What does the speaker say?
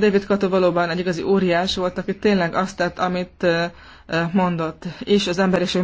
David Kato valóban egy igazi óriás volt, aki tényleg azt tett, amit mondott, és az emberiség